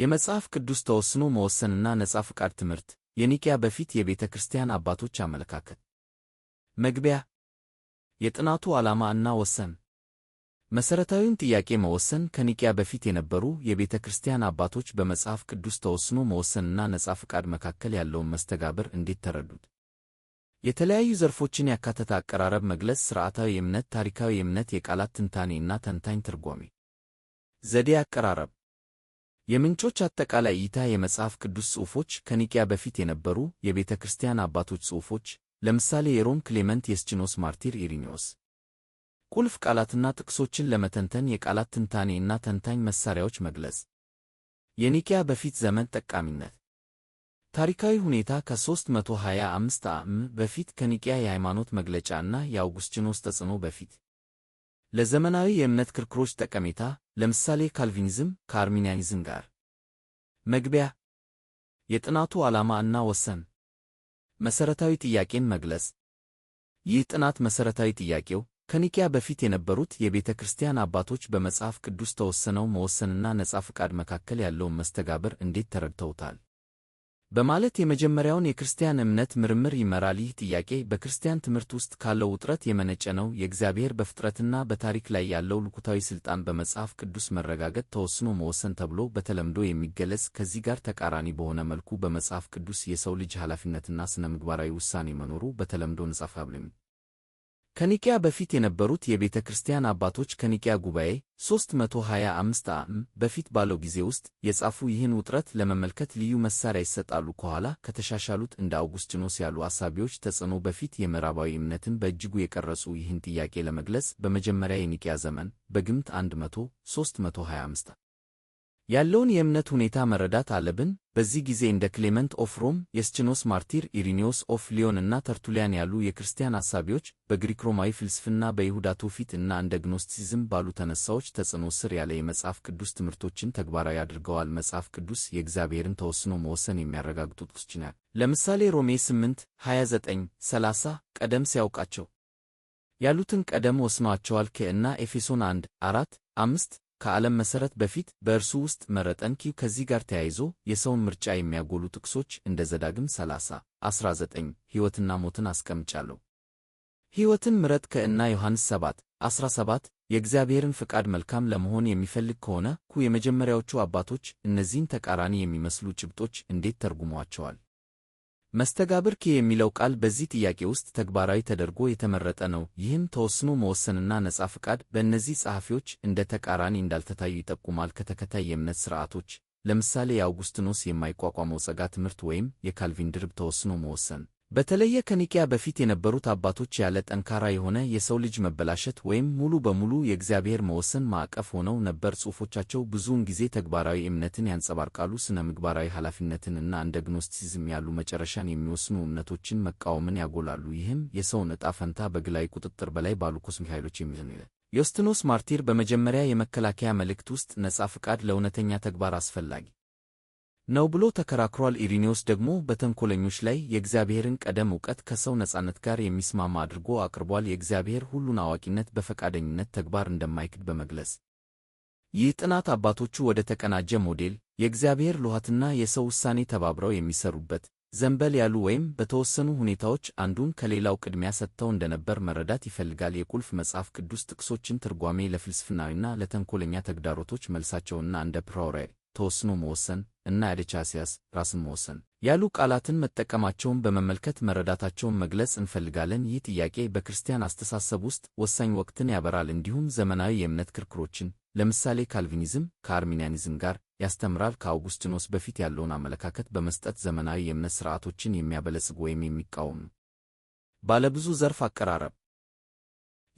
የመጽሐፍ ቅዱስ ተወስኖ መወሰንና ነጻ ፍቃድ ትምህርት የኒቅያ በፊት የቤተ ክርስቲያን አባቶች አመለካከት። መግቢያ የጥናቱ ዓላማ እና ወሰን መሠረታዊውን ጥያቄ መወሰን ከኒቅያ በፊት የነበሩ የቤተ ክርስቲያን አባቶች በመጽሐፍ ቅዱስ ተወስኖ መወሰንና ነጻ ፍቃድ መካከል ያለውን መስተጋብር እንዴት ተረዱት? የተለያዩ ዘርፎችን ያካተተ አቀራረብ መግለጽ፣ ሥርዓታዊ እምነት፣ ታሪካዊ እምነት፣ የቃላት ትንታኔ እና ተንታኝ ትርጓሜ ዘዴ አቀራረብ የምንጮች አጠቃላይ እይታ የመጽሐፍ ቅዱስ ጽሑፎች ከኒቅያ በፊት የነበሩ የቤተ ክርስቲያን አባቶች ጽሑፎች፣ ለምሳሌ የሮም ክሌመንት፣ የስችኖስ ማርቲር፣ ኢሪኒዎስ ቁልፍ ቃላትና ጥቅሶችን ለመተንተን የቃላት ትንታኔ እና ተንታኝ መሳሪያዎች መግለጽ። የኒቅያ በፊት ዘመን ጠቃሚነት ታሪካዊ ሁኔታ ከ325 ዓ.ም በፊት ከኒቅያ የሃይማኖት መግለጫ እና የአውጉስጢኖስ ተጽዕኖ በፊት ለዘመናዊ የእምነት ክርክሮች ጠቀሜታ ለምሳሌ ካልቪኒዝም ከአርሚኒያኒዝም ጋር መግቢያ የጥናቱ ዓላማ እና ወሰን መሠረታዊ ጥያቄን መግለጽ ይህ ጥናት መሠረታዊ ጥያቄው ከኒቅያ በፊት የነበሩት የቤተ ክርስቲያን አባቶች በመጽሐፍ ቅዱስ ተወሰነው መወሰንና ነጻ ፈቃድ መካከል ያለውን መስተጋብር እንዴት ተረድተውታል በማለት የመጀመሪያውን የክርስቲያን እምነት ምርምር ይመራል። ይህ ጥያቄ በክርስቲያን ትምህርት ውስጥ ካለው ውጥረት የመነጨ ነው። የእግዚአብሔር በፍጥረትና በታሪክ ላይ ያለው ልኩታዊ ሥልጣን በመጽሐፍ ቅዱስ መረጋገጥ፣ ተወስኖ መወሰን ተብሎ በተለምዶ የሚገለጽ ከዚህ ጋር ተቃራኒ በሆነ መልኩ በመጽሐፍ ቅዱስ የሰው ልጅ ኃላፊነትና ስነ ምግባራዊ ውሳኔ መኖሩ በተለምዶ ነጻ ከኒቅያ በፊት የነበሩት የቤተ ክርስቲያን አባቶች ከኒቅያ ጉባኤ 325 ዓ.ም በፊት ባለው ጊዜ ውስጥ የጻፉ ይህን ውጥረት ለመመልከት ልዩ መሳሪያ ይሰጣሉ። ከኋላ ከተሻሻሉት እንደ አውጉስጢኖስ ያሉ አሳቢዎች ተጽዕኖ በፊት የምዕራባዊ እምነትን በእጅጉ የቀረጹ ይህን ጥያቄ ለመግለጽ በመጀመሪያ የኒቅያ ዘመን በግምት 1325 ያለውን የእምነት ሁኔታ መረዳት አለብን። በዚህ ጊዜ እንደ ክሌመንት ኦፍ ሮም፣ የስችኖስ ማርቲር፣ ኢሪኒዮስ ኦፍ ሊዮን እና ተርቱሊያን ያሉ የክርስቲያን አሳቢዎች በግሪክ ሮማዊ ፍልስፍና፣ በይሁዳ ትውፊት እና እንደ ግኖስቲሲዝም ባሉ ተነሳዎች ተጽዕኖ ስር ያለ የመጽሐፍ ቅዱስ ትምህርቶችን ተግባራዊ አድርገዋል። መጽሐፍ ቅዱስ የእግዚአብሔርን ተወስኖ መወሰን የሚያረጋግጡ ጥቅሶችን ለምሳሌ ሮሜ 8 29 30 ቀደም ሲያውቃቸው ያሉትን ቀደም ወስኗቸዋል ከእና ኤፌሶን 1 4 5 ከዓለም መሠረት በፊት በእርሱ ውስጥ መረጠን። ኪው ከዚህ ጋር ተያይዞ የሰውን ምርጫ የሚያጎሉ ጥቅሶች እንደ ዘዳግም 30 19 ሕይወትና ሞትን አስቀምጫለሁ። ሕይወትን ምረጥ ከእና ዮሐንስ 7 17 የእግዚአብሔርን ፈቃድ መልካም ለመሆን የሚፈልግ ከሆነ ኩ የመጀመሪያዎቹ አባቶች እነዚህን ተቃራኒ የሚመስሉ ጭብጦች እንዴት ተርጉመዋቸዋል? መስተጋብር ኬ የሚለው ቃል በዚህ ጥያቄ ውስጥ ተግባራዊ ተደርጎ የተመረጠ ነው። ይህም ተወስኖ መወሰንና ነፃ ፍቃድ በእነዚህ ጸሐፊዎች እንደ ተቃራኒ እንዳልተታዩ ይጠቁማል። ከተከታይ የእምነት ሥርዓቶች ለምሳሌ የአውጉስትኖስ የማይቋቋመው ጸጋ ትምህርት ወይም የካልቪን ድርብ ተወስኖ መወሰን በተለየ ከኒቅያ በፊት የነበሩት አባቶች ያለ ጠንካራ የሆነ የሰው ልጅ መበላሸት ወይም ሙሉ በሙሉ የእግዚአብሔር መወሰን ማዕቀፍ ሆነው ነበር። ጽሑፎቻቸው ብዙውን ጊዜ ተግባራዊ እምነትን ያንጸባርቃሉ፣ ስነ ምግባራዊ ኃላፊነትን እና እንደ ግኖስቲዝም ያሉ መጨረሻን የሚወስኑ እምነቶችን መቃወምን ያጎላሉ። ይህም የሰውን ዕጣ ፈንታ በግላዊ ቁጥጥር በላይ ባሉ ኮስሚ ኃይሎች የሚሆን ዮስትኖስ ማርቲር በመጀመሪያ የመከላከያ መልእክት ውስጥ ነጻ ፍቃድ ለእውነተኛ ተግባር አስፈላጊ ነው ብሎ ተከራክሯል። ኢሪኔዎስ ደግሞ በተንኮለኞች ላይ የእግዚአብሔርን ቀደም እውቀት ከሰው ነጻነት ጋር የሚስማማ አድርጎ አቅርቧል። የእግዚአብሔር ሁሉን አዋቂነት በፈቃደኝነት ተግባር እንደማይክድ በመግለጽ ይህ ጥናት አባቶቹ ወደ ተቀናጀ ሞዴል የእግዚአብሔር ልኋትና የሰው ውሳኔ ተባብረው የሚሰሩበት ዘንበል ያሉ ወይም በተወሰኑ ሁኔታዎች አንዱን ከሌላው ቅድሚያ ሰጥተው እንደነበር መረዳት ይፈልጋል። የቁልፍ መጽሐፍ ቅዱስ ጥቅሶችን ትርጓሜ ለፍልስፍናዊና ለተንኮለኛ ተግዳሮቶች መልሳቸውና እንደ ፕሮሬ ተወስኖ መወሰን እና ያደቻሲያስ ራስን መወሰን ያሉ ቃላትን መጠቀማቸውን በመመልከት መረዳታቸውን መግለጽ እንፈልጋለን። ይህ ጥያቄ በክርስቲያን አስተሳሰብ ውስጥ ወሳኝ ወቅትን ያበራል፣ እንዲሁም ዘመናዊ የእምነት ክርክሮችን ለምሳሌ ካልቪኒዝም ከአርሚኒያኒዝም ጋር ያስተምራል። ከአውጉስቲኖስ በፊት ያለውን አመለካከት በመስጠት ዘመናዊ የእምነት ሥርዓቶችን የሚያበለጽግ ወይም የሚቃወም ባለብዙ ዘርፍ አቀራረብ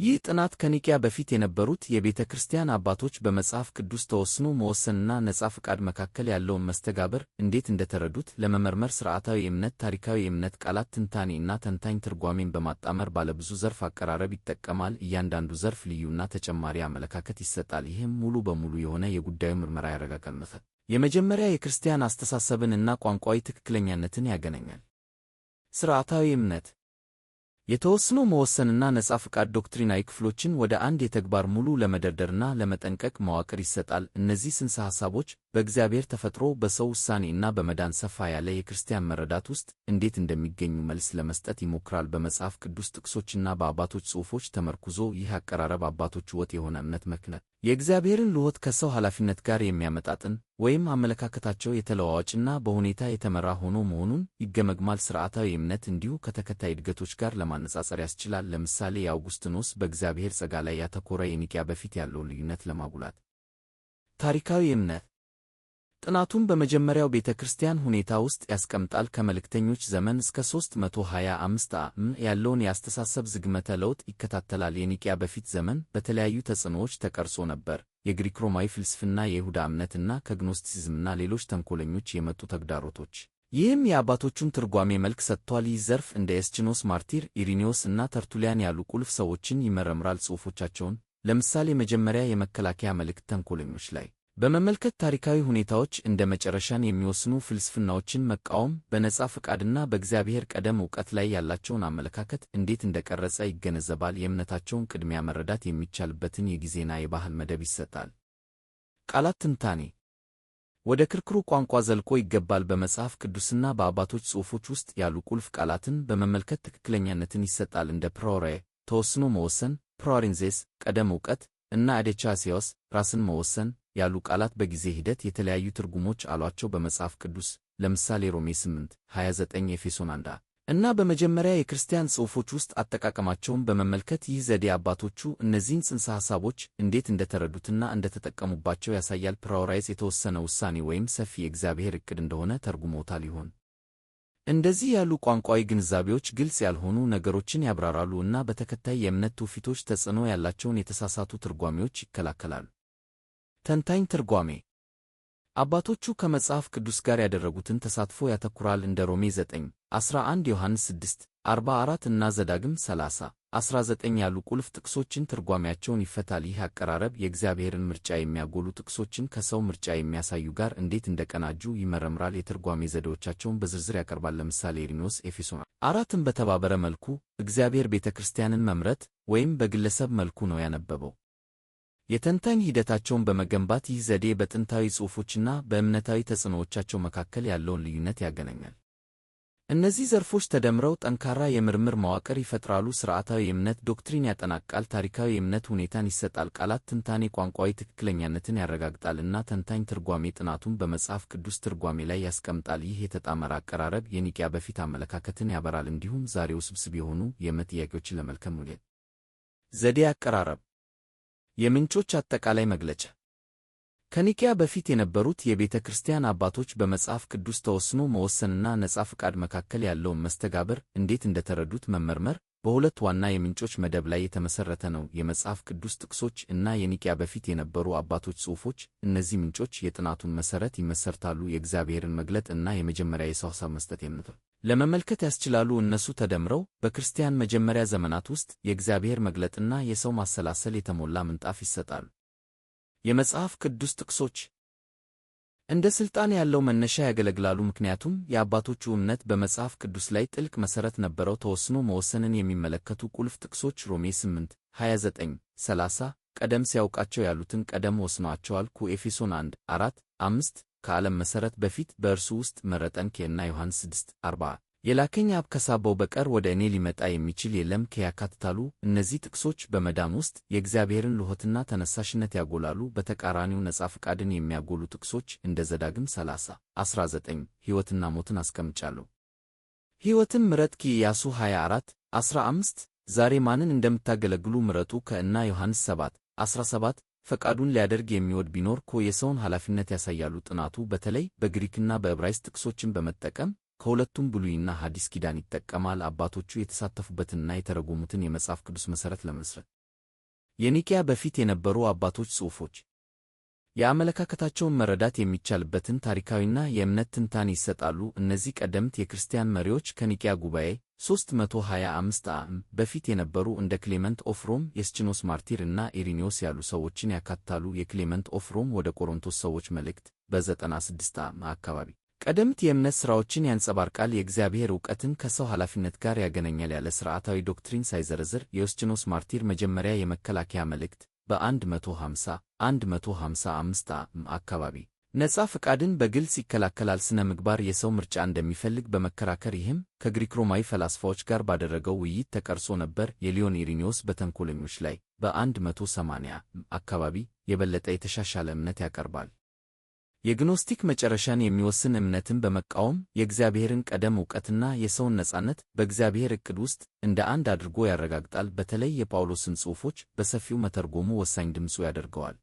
ይህ ጥናት ከኒቅያ በፊት የነበሩት የቤተ ክርስቲያን አባቶች በመጽሐፍ ቅዱስ ተወስኖ መወሰንና ነጻ ፈቃድ መካከል ያለውን መስተጋበር እንዴት እንደተረዱት ለመመርመር ሥርዓታዊ የእምነት፣ ታሪካዊ የእምነት፣ ቃላት ትንታኔ እና ተንታኝ ትርጓሜን በማጣመር ባለብዙ ዘርፍ አቀራረብ ይጠቀማል። እያንዳንዱ ዘርፍ ልዩና ተጨማሪ አመለካከት ይሰጣል፣ ይህም ሙሉ በሙሉ የሆነ የጉዳዩ ምርመራ ያረጋገመፈ የመጀመሪያ የክርስቲያን አስተሳሰብን እና ቋንቋዊ ትክክለኛነትን ያገናኛል። ሥርዓታዊ እምነት የተወስኖ መወሰንና ነጻ ፍቃድ ዶክትሪናዊ ክፍሎችን ወደ አንድ የተግባር ሙሉ ለመደርደርና ለመጠንቀቅ መዋቅር ይሰጣል። እነዚህ ስንሰ ሐሳቦች በእግዚአብሔር ተፈጥሮ በሰው ውሳኔ እና በመዳን ሰፋ ያለ የክርስቲያን መረዳት ውስጥ እንዴት እንደሚገኙ መልስ ለመስጠት ይሞክራል። በመጽሐፍ ቅዱስ ጥቅሶችና በአባቶች ጽሑፎች ተመርኩዞ ይህ አቀራረብ አባቶች ወጥ የሆነ እምነት መክነት የእግዚአብሔርን ልወት ከሰው ኃላፊነት ጋር የሚያመጣጥን ወይም አመለካከታቸው የተለዋዋጭና በሁኔታ የተመራ ሆኖ መሆኑን ይገመግማል። ሥርዓታዊ እምነት እንዲሁ ከተከታይ እድገቶች ጋር ለማነጻጸር ያስችላል። ለምሳሌ የአውጉስትኖስ በእግዚአብሔር ጸጋ ላይ ያተኮረ የኒቅያ በፊት ያለውን ልዩነት ለማጉላት ታሪካዊ እምነት ጥናቱም በመጀመሪያው ቤተ ክርስቲያን ሁኔታ ውስጥ ያስቀምጣል። ከመልእክተኞች ዘመን እስከ 325 ዓ.ም ያለውን የአስተሳሰብ ዝግመተ ለውጥ ይከታተላል። የኒቅያ በፊት ዘመን በተለያዩ ተጽዕኖዎች ተቀርሶ ነበር። የግሪክ ሮማዊ ፍልስፍና፣ የይሁዳ እምነትና ከግኖስቲሲዝምና ሌሎች ተንኮለኞች የመጡ ተግዳሮቶች። ይህም የአባቶቹን ትርጓሜ መልክ ሰጥቷል። ይህ ዘርፍ እንደ ኤስቺኖስ ማርቲር፣ ኢሪኒዮስ እና ተርቱሊያን ያሉ ቁልፍ ሰዎችን ይመረምራል። ጽሑፎቻቸውን ለምሳሌ መጀመሪያ የመከላከያ መልእክት ተንኮለኞች ላይ በመመልከት ታሪካዊ ሁኔታዎች እንደ መጨረሻን የሚወስኑ ፍልስፍናዎችን መቃወም በነጻ ፈቃድና በእግዚአብሔር ቀደም እውቀት ላይ ያላቸውን አመለካከት እንዴት እንደቀረጸ ይገነዘባል። የእምነታቸውን ቅድሚያ መረዳት የሚቻልበትን የጊዜና የባህል መደብ ይሰጣል። ቃላት ትንታኔ ወደ ክርክሩ ቋንቋ ዘልቆ ይገባል። በመጽሐፍ ቅዱስና በአባቶች ጽሑፎች ውስጥ ያሉ ቁልፍ ቃላትን በመመልከት ትክክለኛነትን ይሰጣል። እንደ ፕሮሬ ተወስኖ መወሰን፣ ፕሮሪንዜስ ቀደም እውቀት እና አዴቻሲዮስ ራስን መወሰን ያሉ ቃላት በጊዜ ሂደት የተለያዩ ትርጉሞች አሏቸው። በመጽሐፍ ቅዱስ ለምሳሌ ሮሜ 8 29 ኤፌሶን 1 እና በመጀመሪያ የክርስቲያን ጽሑፎች ውስጥ አጠቃቀማቸውን በመመልከት ይህ ዘዴ አባቶቹ እነዚህን ጽንሰ ሐሳቦች እንዴት እንደተረዱትና እንደተጠቀሙባቸው ያሳያል። ፕራውራይዝ የተወሰነ ውሳኔ ወይም ሰፊ የእግዚአብሔር ዕቅድ እንደሆነ ተርጉሞታል ይሆን? እንደዚህ ያሉ ቋንቋዊ ግንዛቤዎች ግልጽ ያልሆኑ ነገሮችን ያብራራሉ እና በተከታይ የእምነት ትውፊቶች ተጽዕኖ ያላቸውን የተሳሳቱ ትርጓሜዎች ይከላከላሉ። ተንታኝ ትርጓሜ አባቶቹ ከመጽሐፍ ቅዱስ ጋር ያደረጉትን ተሳትፎ ያተኩራል። እንደ ሮሜ 9 11፣ ዮሐንስ 6 44 እና ዘዳግም 30 19 ያሉ ቁልፍ ጥቅሶችን ትርጓሜያቸውን ይፈታል። ይህ አቀራረብ የእግዚአብሔርን ምርጫ የሚያጎሉ ጥቅሶችን ከሰው ምርጫ የሚያሳዩ ጋር እንዴት እንደቀናጁ ይመረምራል። የትርጓሜ ዘዴዎቻቸውን በዝርዝር ያቀርባል። ለምሳሌ ኢሪኖስ ኤፌሶን አራትን በተባበረ መልኩ እግዚአብሔር ቤተ ክርስቲያንን መምረት ወይም በግለሰብ መልኩ ነው ያነበበው። የተንታኝ ሂደታቸውን በመገንባት ይህ ዘዴ በጥንታዊ ጽሑፎችና በእምነታዊ ተጽዕኖዎቻቸው መካከል ያለውን ልዩነት ያገናኛል። እነዚህ ዘርፎች ተደምረው ጠንካራ የምርምር መዋቅር ይፈጥራሉ። ሥርዓታዊ እምነት ዶክትሪን ያጠናቃል። ታሪካዊ የእምነት ሁኔታን ይሰጣል፣ ቃላት ትንታኔ ቋንቋዊ ትክክለኛነትን ያረጋግጣል እና ተንታኝ ትርጓሜ ጥናቱን በመጽሐፍ ቅዱስ ትርጓሜ ላይ ያስቀምጣል። ይህ የተጣመረ አቀራረብ የኒቅያ በፊት አመለካከትን ያበራል እንዲሁም ዛሬ ውስብስብ የሆኑ የእምነት ጥያቄዎችን ለመልከም ዘዴ አቀራረብ የምንጮች አጠቃላይ መግለጫ ከኒቅያ በፊት የነበሩት የቤተ ክርስቲያን አባቶች በመጽሐፍ ቅዱስ ተወስኖ መወሰንና ነጻ ፈቃድ መካከል ያለውን መስተጋብር እንዴት እንደተረዱት መመርመር በሁለት ዋና የምንጮች መደብ ላይ የተመሠረተ ነው፣ የመጽሐፍ ቅዱስ ጥቅሶች እና የኒቅያ በፊት የነበሩ አባቶች ጽሑፎች። እነዚህ ምንጮች የጥናቱን መሠረት ይመሰርታሉ፣ የእግዚአብሔርን መግለጥ እና የመጀመሪያ የሰው ሐሳብ መስጠት የምንጠው ለመመልከት ያስችላሉ። እነሱ ተደምረው በክርስቲያን መጀመሪያ ዘመናት ውስጥ የእግዚአብሔር መግለጥና የሰው ማሰላሰል የተሞላ ምንጣፍ ይሰጣሉ። የመጽሐፍ ቅዱስ ጥቅሶች እንደ ሥልጣን ያለው መነሻ ያገለግላሉ። ምክንያቱም የአባቶቹ እምነት በመጽሐፍ ቅዱስ ላይ ጥልቅ መሠረት ነበረው። ተወስኖ መወሰንን የሚመለከቱ ቁልፍ ጥቅሶች ሮሜ 8 29 30 ቀደም ሲያውቃቸው ያሉትን ቀደም ወስኗቸዋል። ኩ ኤፌሶን 1 4 5 ከዓለም መሠረት በፊት በእርሱ ውስጥ መረጠን ኬና ዮሐንስ 6 40 የላከኝ አብ ከሳበው በቀር ወደ እኔ ሊመጣ የሚችል የለም ያካትታሉ። እነዚህ ጥቅሶች በመዳን ውስጥ የእግዚአብሔርን ልሆትና ተነሳሽነት ያጎላሉ። በተቃራኒው ነጻ ፍቃድን የሚያጎሉ ጥቅሶች እንደ ዘዳግም 30 19 ሕይወትና ሞትን አስቀምጫለሁ። ሕይወትን ምረጥ ያሱ 24 15 ዛሬ ማንን እንደምታገለግሉ ምረጡ ከእና ዮሐንስ 7 17 ፈቃዱን ሊያደርግ የሚወድ ቢኖር ኮ የሰውን ኃላፊነት ያሳያሉ። ጥናቱ በተለይ በግሪክና በዕብራይስጥ ጥቅሶችን በመጠቀም ከሁለቱም ብሉይና ሐዲስ ኪዳን ይጠቀማል። አባቶቹ የተሳተፉበትንና የተረጎሙትን የመጽሐፍ ቅዱስ መሠረት ለመስረት። የኒቅያ በፊት የነበሩ አባቶች ጽሑፎች የአመለካከታቸውን መረዳት የሚቻልበትን ታሪካዊና የእምነት ትንታኔ ይሰጣሉ። እነዚህ ቀደምት የክርስቲያን መሪዎች ከኒቅያ ጉባኤ 325 ዓ.ም በፊት የነበሩ እንደ ክሌመንት ኦፍ ሮም፣ የስቺኖስ ማርቲር እና ኢሪኒዮስ ያሉ ሰዎችን ያካትታሉ። የክሌመንት ኦፍ ሮም ወደ ቆሮንቶስ ሰዎች መልእክት በ96 ዓ.ም አካባቢ ቀደምት የእምነት ሥራዎችን ያንጸባርቃል። የእግዚአብሔር ዕውቀትን ከሰው ኃላፊነት ጋር ያገናኛል። ያለ ሥርዓታዊ ዶክትሪን ሳይዘረዝር የኡስጢኖስ ማርቲር መጀመሪያ የመከላከያ መልእክት በ150 155 አካባቢ ነፃ ፈቃድን በግልጽ ይከላከላል። ሥነ ምግባር የሰው ምርጫ እንደሚፈልግ በመከራከር ይህም ከግሪክ ሮማዊ ፈላስፋዎች ጋር ባደረገው ውይይት ተቀርሶ ነበር። የሊዮን ኢሪኒዮስ በተንኮለኞች ላይ በ180 አካባቢ የበለጠ የተሻሻለ እምነት ያቀርባል። የግኖስቲክ መጨረሻን የሚወስን እምነትን በመቃወም የእግዚአብሔርን ቀደም ዕውቀትና የሰውን ነጻነት በእግዚአብሔር ዕቅድ ውስጥ እንደ አንድ አድርጎ ያረጋግጣል። በተለይ የጳውሎስን ጽሑፎች በሰፊው መተርጎሙ ወሳኝ ድምፁ ያደርገዋል።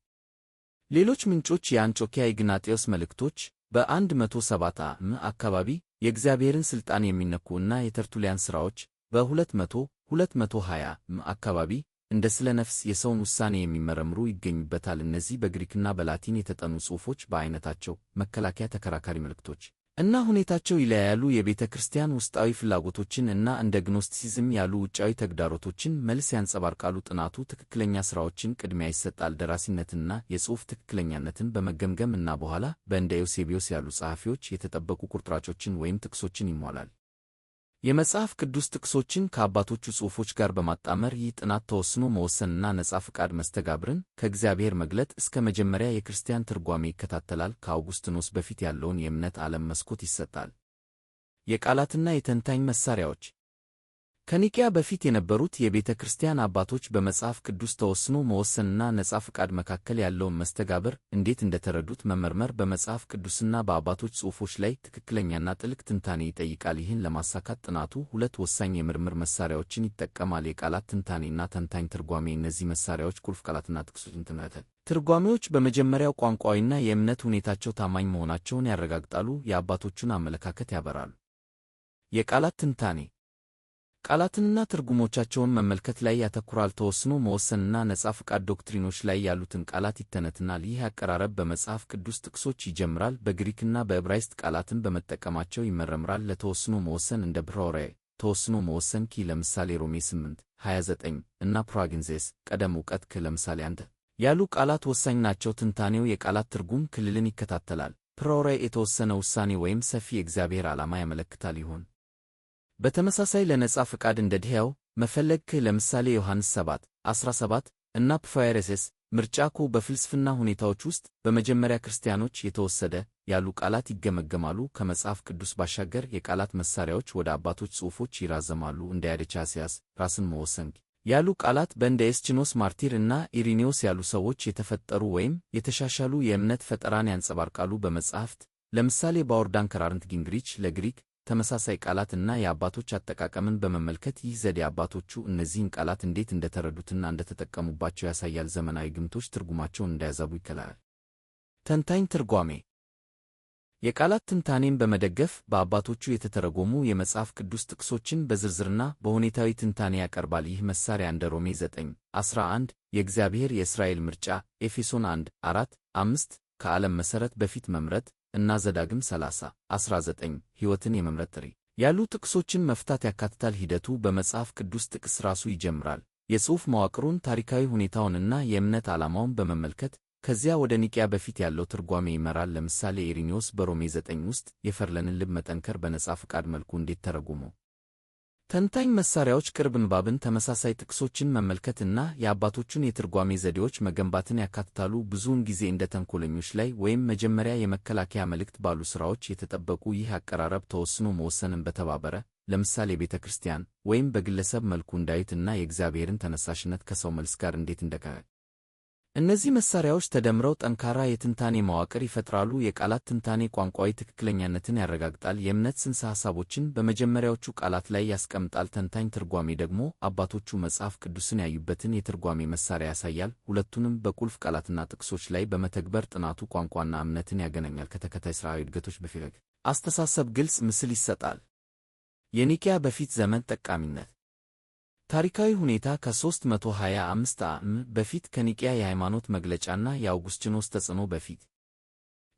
ሌሎች ምንጮች የአንጮኪያ ኢግናጤዎስ መልእክቶች በ107 ዓ.ም አካባቢ የእግዚአብሔርን ሥልጣን የሚነኩ እና የተርቱሊያን ሥራዎች በ200 220 ዓ.ም አካባቢ እንደ ስለ ነፍስ የሰውን ውሳኔ የሚመረምሩ ይገኙበታል። እነዚህ በግሪክና በላቲን የተጠኑ ጽሑፎች በአይነታቸው መከላከያ፣ ተከራካሪ ምልክቶች እና ሁኔታቸው ይለያያሉ። የቤተ ክርስቲያን ውስጣዊ ፍላጎቶችን እና እንደ ግኖስቲሲዝም ያሉ ውጫዊ ተግዳሮቶችን መልስ ያንጸባርቃሉ። ጥናቱ ትክክለኛ ሥራዎችን ቅድሚያ ይሰጣል፣ ደራሲነትንና የጽሑፍ ትክክለኛነትን በመገምገም እና በኋላ በእንደ ዮሴቢዮስ ያሉ ጸሐፊዎች የተጠበቁ ቁርጥራጮችን ወይም ጥቅሶችን ይሟላል። የመጽሐፍ ቅዱስ ጥቅሶችን ከአባቶቹ ጽሑፎች ጋር በማጣመር ይህ ጥናት ተወስኖ መወሰንና ነጻ ፍቃድ መስተጋብርን ከእግዚአብሔር መግለጥ እስከ መጀመሪያ የክርስቲያን ትርጓሜ ይከታተላል። ከአውጉስቲኖስ በፊት ያለውን የእምነት ዓለም መስኮት ይሰጣል። የቃላትና የተንታኝ መሣሪያዎች ከኒቅያ በፊት የነበሩት የቤተ ክርስቲያን አባቶች በመጽሐፍ ቅዱስ ተወስኖ መወሰንና ነጻ ፈቃድ መካከል ያለውን መስተጋብር እንዴት እንደተረዱት መመርመር በመጽሐፍ ቅዱስና በአባቶች ጽሑፎች ላይ ትክክለኛና ጥልቅ ትንታኔ ይጠይቃል። ይህን ለማሳካት ጥናቱ ሁለት ወሳኝ የምርምር መሳሪያዎችን ይጠቀማል፤ የቃላት ትንታኔና ተንታኝ ትርጓሜ። እነዚህ መሳሪያዎች ቁልፍ ቃላትና ጥቅሶችን ትንተን ትርጓሜዎች በመጀመሪያው ቋንቋዊና የእምነት ሁኔታቸው ታማኝ መሆናቸውን ያረጋግጣሉ፣ የአባቶቹን አመለካከት ያበራሉ። የቃላት ትንታኔ ቃላትንና ትርጉሞቻቸውን መመልከት ላይ ያተኩራል። ተወስኖ መወሰንና ነጻ ፍቃድ ዶክትሪኖች ላይ ያሉትን ቃላት ይተነትናል። ይህ አቀራረብ በመጽሐፍ ቅዱስ ጥቅሶች ይጀምራል፣ በግሪክና በዕብራይስጥ ቃላትን በመጠቀማቸው ይመረምራል። ለተወስኖ መወሰን እንደ ብሮሬ ተወስኖ መወሰን ኪ ለምሳሌ ሮሜ 8 29 እና ፕራግንዜስ ቀደም እውቀት ክ ለምሳሌ አንድ ያሉ ቃላት ወሳኝ ናቸው። ትንታኔው የቃላት ትርጉም ክልልን ይከታተላል። ፕሮሬ የተወሰነ ውሳኔ ወይም ሰፊ የእግዚአብሔር ዓላማ ያመለክታል ይሆን በተመሳሳይ ለነጻ ፍቃድ እንደ ድሕያው ለምሳሌ ዮሐንስ 7 17 እና ፕፋይረሴስ ምርጫኩ በፍልስፍና ሁኔታዎች ውስጥ በመጀመሪያ ክርስቲያኖች የተወሰደ ያሉ ቃላት ይገመገማሉ። ከመጽሐፍ ቅዱስ ባሻገር የቃላት መሳሪያዎች ወደ አባቶች ጽሑፎች ይራዘማሉ። እንደ ያደቻስያስ ራስን መወሰንግ ያሉ ቃላት በእንደ ኤስችኖስ ማርቲር እና ኢሪኒዮስ ያሉ ሰዎች የተፈጠሩ ወይም የተሻሻሉ የእምነት ፈጠራን ያንጸባርቃሉ። በመጽሐፍት ለምሳሌ ባወርዳን ከራርንት ጊንግሪች ለግሪክ ተመሳሳይ ቃላት እና የአባቶች አጠቃቀምን በመመልከት ይህ ዘዴ አባቶቹ እነዚህን ቃላት እንዴት እንደተረዱትና እንደተጠቀሙባቸው ያሳያል። ዘመናዊ ግምቶች ትርጉማቸውን እንዳያዛቡ ይከላል። ተንታኝ ትርጓሜ የቃላት ትንታኔን በመደገፍ በአባቶቹ የተተረጎሙ የመጽሐፍ ቅዱስ ጥቅሶችን በዝርዝርና በሁኔታዊ ትንታኔ ያቀርባል። ይህ መሳሪያ እንደ ሮሜ 9 11 የእግዚአብሔር የእስራኤል ምርጫ ኤፌሶን 1 4 5 ከዓለም መሠረት በፊት መምረጥ እና ዘዳግም 30 19 ሕይወትን የመምረጥ ጥሪ ያሉ ጥቅሶችን መፍታት ያካትታል። ሂደቱ በመጽሐፍ ቅዱስ ጥቅስ ራሱ ይጀምራል። የጽሑፍ መዋቅሩን፣ ታሪካዊ ሁኔታውንና የእምነት ዓላማውን በመመልከት ከዚያ ወደ ኒቅያ በፊት ያለው ትርጓሜ ይመራል። ለምሳሌ ኢሪኒዮስ በሮሜ 9 ውስጥ የፈርዖንን ልብ መጠንከር በነጻ ፈቃድ መልኩ እንዴት ተረጉመው ተንታኝ መሳሪያዎች ቅርብ ንባብን፣ ተመሳሳይ ጥቅሶችን መመልከትና የአባቶቹን የትርጓሜ ዘዴዎች መገንባትን ያካትታሉ። ብዙውን ጊዜ እንደ ተንኮለኞች ላይ ወይም መጀመሪያ የመከላከያ መልእክት ባሉ ሥራዎች የተጠበቁ። ይህ አቀራረብ ተወስኖ መወሰንን በተባበረ ለምሳሌ ቤተ ክርስቲያን ወይም በግለሰብ መልኩ እንዳዩት እና የእግዚአብሔርን ተነሳሽነት ከሰው መልስ ጋር እንዴት እንደካ እነዚህ መሳሪያዎች ተደምረው ጠንካራ የትንታኔ መዋቅር ይፈጥራሉ። የቃላት ትንታኔ ቋንቋዊ ትክክለኛነትን ያረጋግጣል፣ የእምነት ጽንሰ ሐሳቦችን በመጀመሪያዎቹ ቃላት ላይ ያስቀምጣል። ተንታኝ ትርጓሜ ደግሞ አባቶቹ መጽሐፍ ቅዱስን ያዩበትን የትርጓሜ መሳሪያ ያሳያል። ሁለቱንም በቁልፍ ቃላትና ጥቅሶች ላይ በመተግበር ጥናቱ ቋንቋና እምነትን ያገናኛል። ከተከታይ ሥርዓዊ እድገቶች በፊት አስተሳሰብ ግልጽ ምስል ይሰጣል። የኒቅያ በፊት ዘመን ጠቃሚነት ታሪካዊ ሁኔታ ከ325 ዓ.ም በፊት ከኒቅያ የሃይማኖት መግለጫና የአውጉስጢኖስ ተጽዕኖ በፊት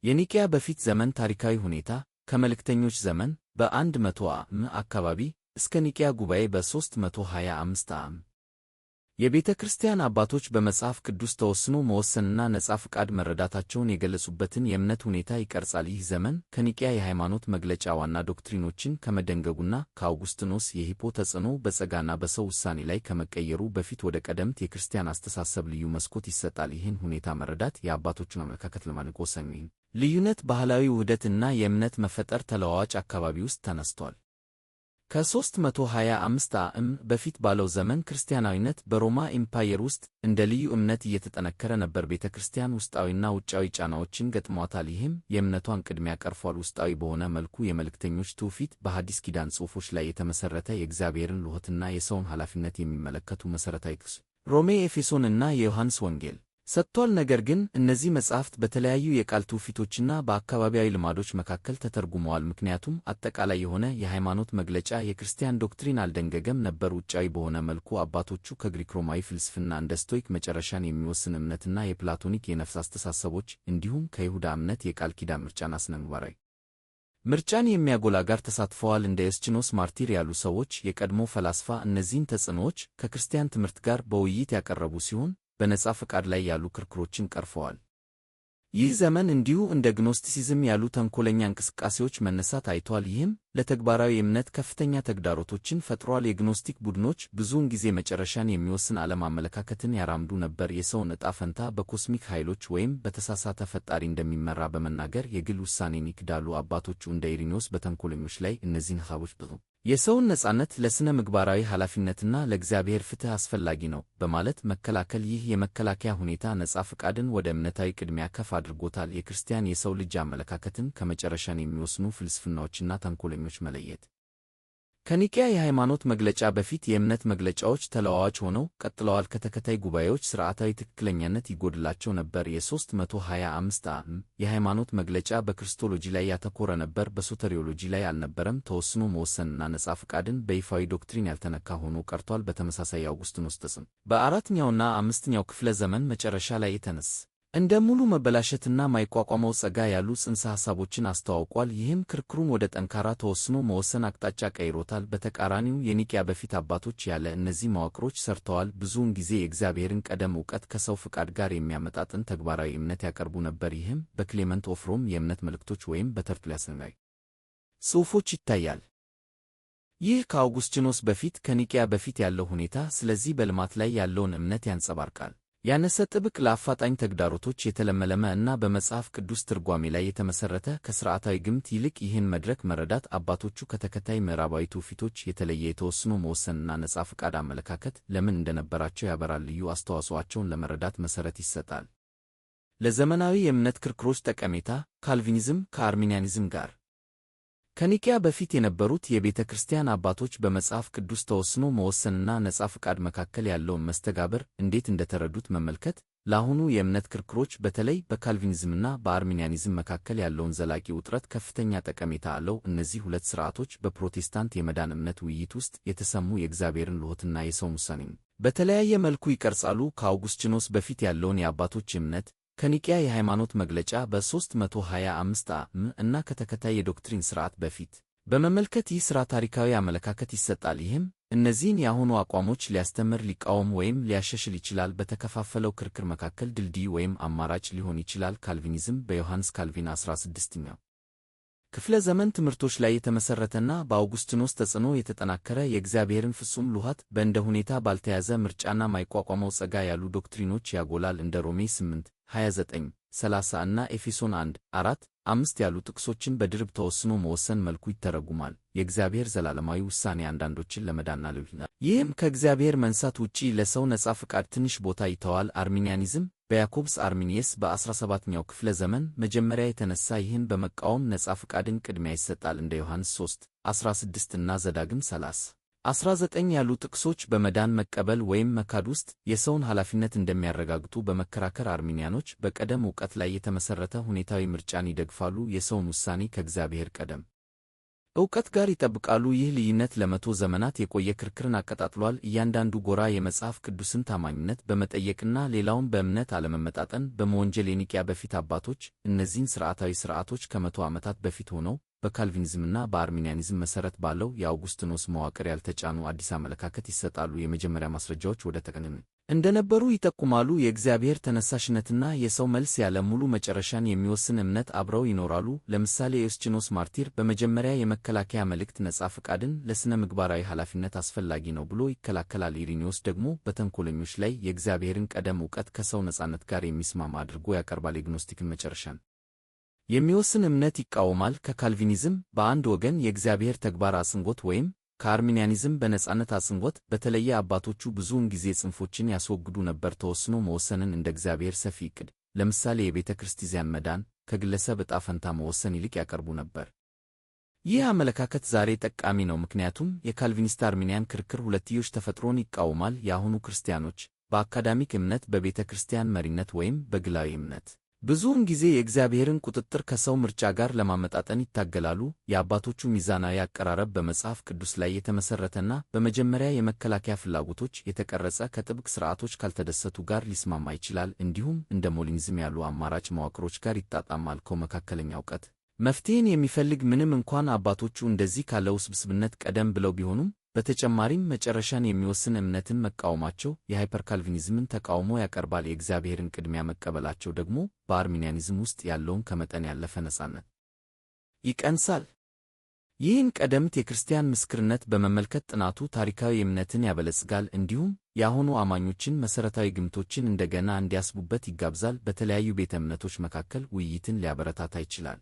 የኒቅያ በፊት ዘመን ታሪካዊ ሁኔታ ከመልእክተኞች ዘመን በ100 ዓ.ም አካባቢ እስከ ኒቅያ ጉባኤ በ325 ዓ.ም የቤተ ክርስቲያን አባቶች በመጽሐፍ ቅዱስ ተወስኖ መወሰንና ነጻ ፍቃድ መረዳታቸውን የገለጹበትን የእምነት ሁኔታ ይቀርጻል። ይህ ዘመን ከኒቅያ የሃይማኖት መግለጫ ዋና ዶክትሪኖችን ከመደንገጉና ከአውጉስጢኖስ የሂፖ ተጽዕኖ በጸጋና በሰው ውሳኔ ላይ ከመቀየሩ በፊት ወደ ቀደምት የክርስቲያን አስተሳሰብ ልዩ መስኮት ይሰጣል። ይህን ሁኔታ መረዳት የአባቶቹን አመለካከት ለማንቆ ሰሚን ልዩነት፣ ባህላዊ ውህደትና የእምነት መፈጠር ተለዋዋጭ አካባቢ ውስጥ ተነስቷል። ከ325 ዓ.ም በፊት ባለው ዘመን ክርስቲያናዊነት በሮማ ኢምፓየር ውስጥ እንደ ልዩ እምነት እየተጠነከረ ነበር። ቤተ ክርስቲያን ውስጣዊና ውጫዊ ጫናዎችን ገጥሟታል፣ ይህም የእምነቷን ቅድሚያ ቀርፏል። ውስጣዊ በሆነ መልኩ የመልእክተኞች ትውፊት በሐዲስ ኪዳን ጽሑፎች ላይ የተመሠረተ የእግዚአብሔርን ልሆትና የሰውን ኃላፊነት የሚመለከቱ መሠረታዊ ክስ ሮሜ ኤፌሶንና የዮሐንስ ወንጌል ሰጥቷል። ነገር ግን እነዚህ መጻሕፍት በተለያዩ የቃል ትውፊቶችና በአካባቢያዊ ልማዶች መካከል ተተርጉመዋል። ምክንያቱም አጠቃላይ የሆነ የሃይማኖት መግለጫ የክርስቲያን ዶክትሪን አልደንገገም ነበር። ውጫዊ በሆነ መልኩ አባቶቹ ከግሪክ ሮማዊ ፍልስፍና እንደ ስቶይክ መጨረሻን የሚወስን እምነትና የፕላቶኒክ የነፍስ አስተሳሰቦች እንዲሁም ከይሁዳ እምነት የቃል ኪዳን ምርጫን አስነምባራዊ ምርጫን የሚያጎላ ጋር ተሳትፈዋል። እንደ የስችኖስ ማርቲር ያሉ ሰዎች የቀድሞ ፈላስፋ እነዚህን ተጽዕኖዎች ከክርስቲያን ትምህርት ጋር በውይይት ያቀረቡ ሲሆን በነጻ ፈቃድ ላይ ያሉ ክርክሮችን ቀርፈዋል። ይህ ዘመን እንዲሁ እንደ ግኖስቲሲዝም ያሉ ተንኮለኛ እንቅስቃሴዎች መነሳት አይቷል። ይህም ለተግባራዊ እምነት ከፍተኛ ተግዳሮቶችን ፈጥሯል። የግኖስቲክ ቡድኖች ብዙውን ጊዜ መጨረሻን የሚወስን ዓለም አመለካከትን ያራምዱ ነበር። የሰውን ዕጣ ፈንታ በኮስሚክ ኃይሎች ወይም በተሳሳተ ፈጣሪ እንደሚመራ በመናገር የግል ውሳኔን ይክዳሉ። አባቶቹ እንደ ኢሪኒዮስ በተንኮለኞች ላይ እነዚህን ሀሳቦች ብዙ የሰውን ነጻነት ለሥነ ምግባራዊ ኃላፊነትና ለእግዚአብሔር ፍትሕ አስፈላጊ ነው በማለት መከላከል። ይህ የመከላከያ ሁኔታ ነጻ ፈቃድን ወደ እምነታዊ ቅድሚያ ከፍ አድርጎታል። የክርስቲያን የሰው ልጅ አመለካከትን ከመጨረሻን የሚወስኑ ፍልስፍናዎችና ተንኮለኞች መለየት ከኒቅያ የሃይማኖት መግለጫ በፊት የእምነት መግለጫዎች ተለዋዋጭ ሆነው ቀጥለዋል። ከተከታይ ጉባኤዎች ሥርዓታዊ ትክክለኛነት ይጎድላቸው ነበር። የ325 ዓ.ም የሃይማኖት መግለጫ በክርስቶሎጂ ላይ ያተኮረ ነበር፣ በሶተሪዮሎጂ ላይ አልነበረም። ተወስኖ መወሰንና ነጻ ፈቃድን በይፋዊ ዶክትሪን ያልተነካ ሆኖ ቀርቷል። በተመሳሳይ ውስጥ ተጽዕኖ በአራተኛውና አምስተኛው ክፍለ ዘመን መጨረሻ ላይ የተነስ እንደ ሙሉ መበላሸትና ማይቋቋመው ጸጋ ያሉ ጽንሰ ሐሳቦችን አስተዋውቋል። ይህም ክርክሩን ወደ ጠንካራ ተወስኖ መወሰን አቅጣጫ ቀይሮታል። በተቃራኒው የኒቅያ በፊት አባቶች ያለ እነዚህ መዋቅሮች ሰርተዋል፣ ብዙውን ጊዜ የእግዚአብሔርን ቀደም እውቀት ከሰው ፍቃድ ጋር የሚያመጣጥን ተግባራዊ እምነት ያቀርቡ ነበር። ይህም በክሌመንት ኦፍ ሮም የእምነት መልእክቶች ወይም በተርቱሊያን ላይ ጽሑፎች ይታያል። ይህ ከአውጉስቲኖስ በፊት ከኒቅያ በፊት ያለው ሁኔታ ስለዚህ በልማት ላይ ያለውን እምነት ያንጸባርቃል። ያነሰ ጥብቅ ለአፋጣኝ ተግዳሮቶች የተለመለመ እና በመጽሐፍ ቅዱስ ትርጓሜ ላይ የተመሠረተ ከሥርዓታዊ ግምት ይልቅ ይህን መድረክ መረዳት አባቶቹ ከተከታይ ምዕራባዊ ትውፊቶች የተለየ የተወስኖ መወሰንና ነጻ ፈቃድ አመለካከት ለምን እንደነበራቸው ያበራል። ልዩ አስተዋጽኦአቸውን ለመረዳት መሠረት ይሰጣል። ለዘመናዊ የእምነት ክርክሮች ጠቀሜታ ካልቪኒዝም ከአርሚኒያኒዝም ጋር ከኒቅያ በፊት የነበሩት የቤተ ክርስቲያን አባቶች በመጽሐፍ ቅዱስ ተወስኖ መወሰንና ነጻ ፈቃድ መካከል ያለውን መስተጋብር እንዴት እንደተረዱት መመልከት ለአሁኑ የእምነት ክርክሮች በተለይ በካልቪኒዝምና በአርሚኒያኒዝም መካከል ያለውን ዘላቂ ውጥረት ከፍተኛ ጠቀሜታ አለው። እነዚህ ሁለት ሥርዓቶች በፕሮቴስታንት የመዳን እምነት ውይይት ውስጥ የተሰሙ የእግዚአብሔርን ልሆትና የሰው ውሳኔን በተለያየ መልኩ ይቀርጻሉ። ከአውጉስቲኖስ በፊት ያለውን የአባቶች እምነት ከኒቅያ የሃይማኖት መግለጫ በ325 እና ከተከታይ የዶክትሪን ሥርዓት በፊት በመመልከት ይህ ሥራ ታሪካዊ አመለካከት ይሰጣል። ይህም እነዚህን የአሁኑ አቋሞች ሊያስተምር፣ ሊቃወም ወይም ሊያሸሽል ይችላል። በተከፋፈለው ክርክር መካከል ድልድይ ወይም አማራጭ ሊሆን ይችላል። ካልቪኒዝም በዮሐንስ ካልቪን 16ኛው ክፍለ ዘመን ትምህርቶች ላይ የተመሠረተና በአውጉስቲኖስ ተጽዕኖ የተጠናከረ የእግዚአብሔርን ፍጹም ልኋት በእንደ ሁኔታ ባልተያዘ ምርጫና ማይቋቋመው ጸጋ ያሉ ዶክትሪኖች ያጎላል። እንደ ሮሜ 8 29 30 እና ኤፌሶን 1 4 5 ያሉ ጥቅሶችን በድርብ ተወስኖ መወሰን መልኩ ይተረጉማል። የእግዚአብሔር ዘላለማዊ ውሳኔ አንዳንዶችን ለመዳና ልብናል። ይህም ከእግዚአብሔር መንሳት ውጪ ለሰው ነጻ ፍቃድ ትንሽ ቦታ ይተዋል። አርሚኒያኒዝም በያኮብስ አርሚኒየስ በ17ኛው ክፍለ ዘመን መጀመሪያ የተነሳ ይህን በመቃወም ነጻ ፍቃድን ቅድሚያ ይሰጣል። እንደ ዮሐንስ 3 16 እና ዘዳግም 30 19 ያሉ ጥቅሶች በመዳን መቀበል ወይም መካድ ውስጥ የሰውን ኃላፊነት እንደሚያረጋግጡ በመከራከር አርሚኒያኖች በቀደም ዕውቀት ላይ የተመሠረተ ሁኔታዊ ምርጫን ይደግፋሉ። የሰውን ውሳኔ ከእግዚአብሔር ቀደም እውቀት ጋር ይጠብቃሉ። ይህ ልዩነት ለመቶ ዘመናት የቆየ ክርክርን አቀጣጥሏል። እያንዳንዱ ጎራ የመጽሐፍ ቅዱስን ታማኝነት በመጠየቅና ሌላውን በእምነት አለመመጣጠን በመወንጀል የኒቅያ በፊት አባቶች እነዚህን ሥርዓታዊ ሥርዓቶች ከመቶ ዓመታት በፊት ሆነው በካልቪኒዝምና በአርሚኒያኒዝም መሠረት ባለው የአውጉስትኖስ መዋቅር ያልተጫኑ አዲስ አመለካከት ይሰጣሉ። የመጀመሪያ ማስረጃዎች ወደ ተቀንን እንደነበሩ ይጠቁማሉ። የእግዚአብሔር ተነሳሽነትና የሰው መልስ ያለ ሙሉ መጨረሻን የሚወስን እምነት አብረው ይኖራሉ። ለምሳሌ ዩስጢኖስ ማርቲር በመጀመሪያ የመከላከያ መልእክት ነጻ ፈቃድን ለሥነ ምግባራዊ ኃላፊነት አስፈላጊ ነው ብሎ ይከላከላል። ኢሪኒዎስ ደግሞ በተንኮለኞች ላይ የእግዚአብሔርን ቀደም ዕውቀት ከሰው ነጻነት ጋር የሚስማማ አድርጎ ያቀርባል። የግኖስቲክን መጨረሻን የሚወስን እምነት ይቃወማል። ከካልቪኒዝም በአንድ ወገን የእግዚአብሔር ተግባር አጽንዖት ወይም ከአርሚኒያኒዝም በነጻነት አጽንዖት በተለየ አባቶቹ ብዙውን ጊዜ ጽንፎችን ያስወግዱ ነበር፣ ተወስኖ መወሰንን እንደ እግዚአብሔር ሰፊ ዕቅድ፣ ለምሳሌ የቤተ ክርስቲያን መዳን፣ ከግለሰብ ዕጣ ፈንታ መወሰን ይልቅ ያቀርቡ ነበር። ይህ አመለካከት ዛሬ ጠቃሚ ነው፣ ምክንያቱም የካልቪኒስት አርሚኒያን ክርክር ሁለትዮሽ ተፈጥሮን ይቃወማል። የአሁኑ ክርስቲያኖች በአካዳሚክ እምነት፣ በቤተ ክርስቲያን መሪነት ወይም በግላዊ እምነት ብዙውን ጊዜ የእግዚአብሔርን ቁጥጥር ከሰው ምርጫ ጋር ለማመጣጠን ይታገላሉ። የአባቶቹ ሚዛናዊ አቀራረብ በመጽሐፍ ቅዱስ ላይ የተመሠረተና በመጀመሪያ የመከላከያ ፍላጎቶች የተቀረጸ ከጥብቅ ሥርዓቶች ካልተደሰቱ ጋር ሊስማማ ይችላል፣ እንዲሁም እንደ ሞሊኒዝም ያሉ አማራጭ መዋቅሮች ጋር ይጣጣማል። ከው መካከለኛ እውቀት መፍትሔን የሚፈልግ ምንም እንኳን አባቶቹ እንደዚህ ካለ ውስብስብነት ቀደም ብለው ቢሆኑም በተጨማሪም መጨረሻን የሚወስን እምነትን መቃወማቸው የሃይፐር ካልቪኒዝምን ተቃውሞ ያቀርባል። የእግዚአብሔርን ቅድሚያ መቀበላቸው ደግሞ በአርሚኒያኒዝም ውስጥ ያለውን ከመጠን ያለፈ ነጻነት ይቀንሳል። ይህን ቀደምት የክርስቲያን ምስክርነት በመመልከት ጥናቱ ታሪካዊ እምነትን ያበለጽጋል፣ እንዲሁም የአሁኑ አማኞችን መሠረታዊ ግምቶችን እንደገና እንዲያስቡበት ይጋብዛል። በተለያዩ ቤተ እምነቶች መካከል ውይይትን ሊያበረታታ ይችላል።